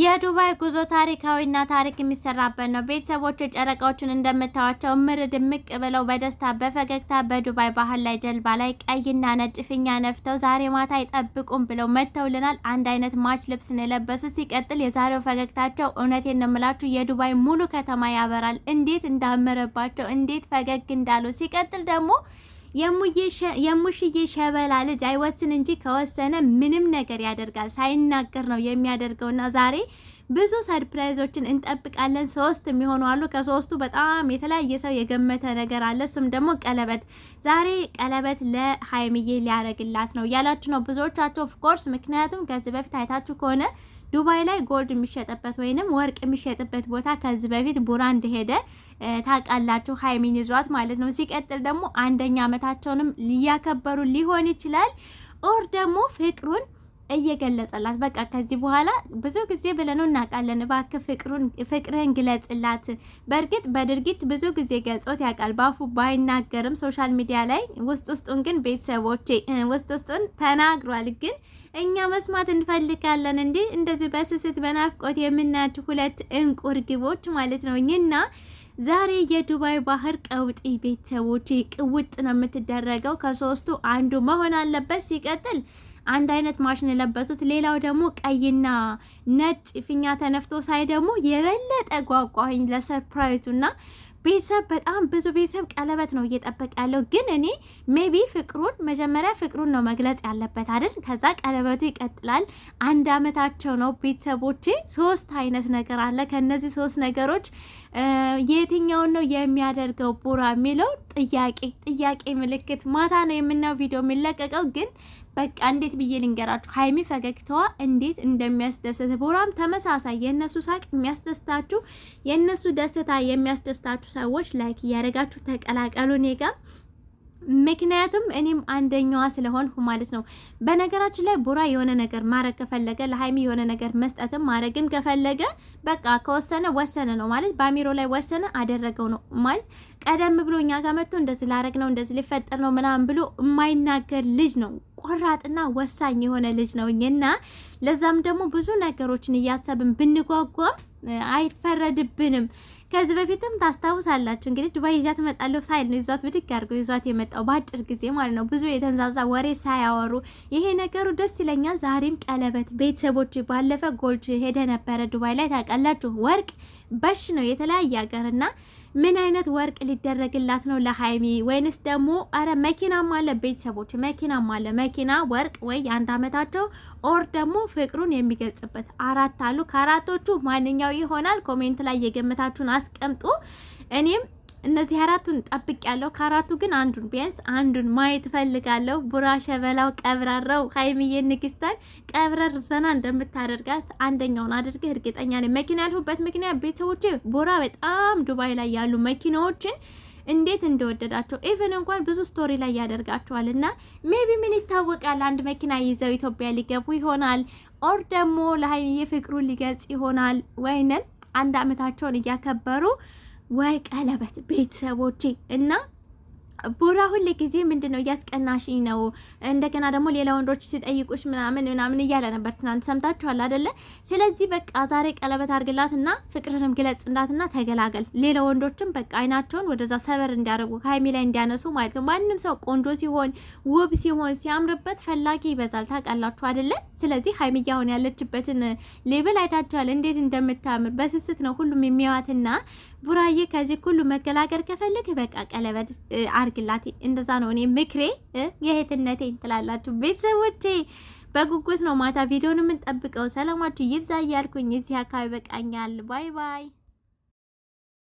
የዱባይ ጉዞ ታሪካዊና ታሪክ የሚሰራበት ነው። ቤተሰቦቹ ጨረቃዎቹን እንደምታዋቸው ምር ድምቅ ብለው በደስታ በፈገግታ በዱባይ ባህል ላይ ጀልባ ላይ ቀይና ነጭ ፊኛ ነፍተው ዛሬ ማታ አይጠብቁም ብለው መጥተውልናል። አንድ አይነት ማች ልብስን የለበሱ ሲቀጥል የዛሬው ፈገግታቸው እውነቴን ነው የምላችሁ የዱባይ ሙሉ ከተማ ያበራል። እንዴት እንዳመረባቸው፣ እንዴት ፈገግ እንዳሉ ሲቀጥል ደግሞ የሙሽዬ ሸበላ ልጅ አይወስን እንጂ ከወሰነ ምንም ነገር ያደርጋል። ሳይናገር ነው የሚያደርገውና ዛሬ ብዙ ሰርፕራይዞችን እንጠብቃለን። ሶስት የሚሆኑ አሉ። ከሶስቱ በጣም የተለያየ ሰው የገመተ ነገር አለ። እሱም ደግሞ ቀለበት፣ ዛሬ ቀለበት ለሀይምዬ ሊያደርግላት ነው እያላችሁ ነው ብዙዎቻቸው ኦፍኮርስ። ምክንያቱም ከዚህ በፊት አይታችሁ ከሆነ ዱባይ ላይ ጎልድ የሚሸጥበት ወይንም ወርቅ የሚሸጥበት ቦታ ከዚህ በፊት ቡራ እንደሄደ ታውቃላችሁ። ሀይሚን ይዟት ማለት ነው። ሲቀጥል ደግሞ አንደኛ አመታቸውንም ሊያከበሩ ሊሆን ይችላል ኦር ደግሞ ፍቅሩን እየገለጸላት በቃ ከዚህ በኋላ ብዙ ጊዜ ብለነው እናውቃለን። እባክህ ፍቅሩን ፍቅርህን ግለጽላት። በእርግጥ በድርጊት ብዙ ጊዜ ገልጾት ያውቃል፣ ባፉ ባይናገርም ሶሻል ሚዲያ ላይ ውስጥ ውስጡን ግን ቤተሰቦቼ ውስጥ ውስጡን ተናግሯል። ግን እኛ መስማት እንፈልጋለን። እንዲ እንደዚህ በስስት በናፍቆት የምናድ ሁለት እንቁ እርግቦች ማለት ነው እና ዛሬ የዱባይ ባህር ቀውጢ ቤተሰቦች ቅውጥ ነው የምትደረገው። ከሶስቱ አንዱ መሆን አለበት ሲቀጥል አንድ አይነት ማሽን የለበሱት፣ ሌላው ደግሞ ቀይና ነጭ ፊኛ ተነፍቶ ሳይ ደግሞ የበለጠ ጓጓኝ ለሰርፕራይዙና ቤተሰብ በጣም ብዙ ቤተሰብ ቀለበት ነው እየጠበቀ ያለው። ግን እኔ ሜቢ ፍቅሩን መጀመሪያ ፍቅሩን ነው መግለጽ ያለበት አይደል? ከዛ ቀለበቱ ይቀጥላል። አንድ አመታቸው ነው ቤተሰቦቼ። ሶስት አይነት ነገር አለ። ከነዚህ ሶስት ነገሮች የትኛውን ነው የሚያደርገው ቡራ የሚለው ጥያቄ ጥያቄ ምልክት። ማታ ነው የምናየው ቪዲዮ የሚለቀቀው ግን በቃ እንዴት ብዬ ልንገራችሁ፣ ሀይሚ ፈገግታዋ እንዴት እንደሚያስደስት ቡራም ተመሳሳይ። የእነሱ ሳቅ የሚያስደስታችሁ፣ የእነሱ ደስታ የሚያስደስታችሁ ያላችሁ ሰዎች ላይክ እያደረጋችሁ ተቀላቀሉ እኔ ጋር ምክንያቱም እኔም አንደኛዋ ስለሆንሁ ማለት ነው። በነገራችን ላይ ቡራ የሆነ ነገር ማድረግ ከፈለገ ለሀይሚ የሆነ ነገር መስጠትም ማድረግም ከፈለገ በቃ ከወሰነ ወሰነ ነው ማለት በአሚሮ ላይ ወሰነ አደረገው ነው ማለት። ቀደም ብሎ እኛ ጋር መጥቶ እንደዚህ ላረግ ነው እንደዚህ ሊፈጠር ነው ምናምን ብሎ የማይናገር ልጅ ነው። ቆራጥና ወሳኝ የሆነ ልጅ ነው እና ለዛም ደግሞ ብዙ ነገሮችን እያሰብን ብንጓጓም አይፈረድብንም። ከዚህ በፊትም ታስታውሳላችሁ እንግዲህ ዱባይ ይዣት እመጣለሁ ሳይል ነው ይዟት ብድግ አድርገው ይዟት የመጣው በአጭር ጊዜ ማለት ነው። ብዙ የተንዛዛ ወሬ ሳያወሩ ይሄ ነገሩ ደስ ይለኛል። ዛሬም ቀለበት ቤተሰቦች፣ ባለፈ ጎልድ ሄደ ነበረ ዱባይ ላይ ታውቃላችሁ። ወርቅ በሽ ነው የተለያየ ሀገርና ምን አይነት ወርቅ ሊደረግላት ነው ለሀይሚ? ወይንስ ደግሞ አረ መኪናም አለ፣ ቤተሰቦች መኪናም አለ። መኪና ወርቅ ወይ አንድ አመታቸው ኦር ደግሞ ፍቅሩን የሚገልጽበት አራት አሉ። ከአራቶቹ ማንኛው ይሆናል? ኮሜንት ላይ የገምታችሁን አስቀምጡ። እኔም እነዚህ አራቱን ጠብቅ ያለው ከአራቱ ግን አንዱን ቢያንስ አንዱን ማየት እፈልጋለሁ። ቡራ ሸበላው ቀብራራው ሀይሚዬ ንግስታን ቀብረር ዘና እንደምታደርጋት አንደኛውን አድርገህ እርግጠኛ ነኝ። መኪና ያልሁበት ምክንያት ቤተሰቦቼ ቡራ በጣም ዱባይ ላይ ያሉ መኪናዎችን እንዴት እንደወደዳቸው ኢቨን እንኳን ብዙ ስቶሪ ላይ ያደርጋቸዋል። እና ሜቢ ምን ይታወቃል፣ አንድ መኪና ይዘው ኢትዮጵያ ሊገቡ ይሆናል፣ ኦር ደግሞ ለሀይሚዬ ፍቅሩን ሊገልጽ ይሆናል፣ ወይንም አንድ አመታቸውን እያከበሩ ወይ ቀለበት ቤተሰቦቼ እና ቡራ ሁል ጊዜ ምንድን ነው እያስቀናሽኝ ነው፣ እንደገና ደግሞ ሌላ ወንዶች ሲጠይቁሽ ምናምን ምናምን እያለ ነበር። ትናንት ሰምታችኋል አደለ? ስለዚህ በቃ ዛሬ ቀለበት አርግላት አርግላትና ፍቅርንም ግለጽ እንዳት እንዳትና ተገላገል። ሌላ ወንዶችም በቃ አይናቸውን ወደዛ ሰበር እንዲያደርጉ ከሀይሚ ላይ እንዲያነሱ ማለት ነው። ማንም ሰው ቆንጆ ሲሆን ውብ ሲሆን ሲያምርበት ፈላጊ ይበዛል። ታውቃላችሁ አደለ? ስለዚህ ሀይሚ አሁን ያለችበትን ሌብል አይታችኋል፣ እንዴት እንደምታምር በስስት ነው ሁሉም የሚያዋትና ቡራዬ ከዚህ ሁሉ መገላገል ከፈልግ በቃ ቀለበት አርግላት። እንደዛ ነው እኔ ምክሬ፣ የእህትነቴ ትላላችሁ ቤተሰቦቼ። በጉጉት ነው ማታ ቪዲዮን የምንጠብቀው። ሰላማችሁ ይብዛ እያልኩኝ እዚህ አካባቢ በቃኛል። ባይ ባይ።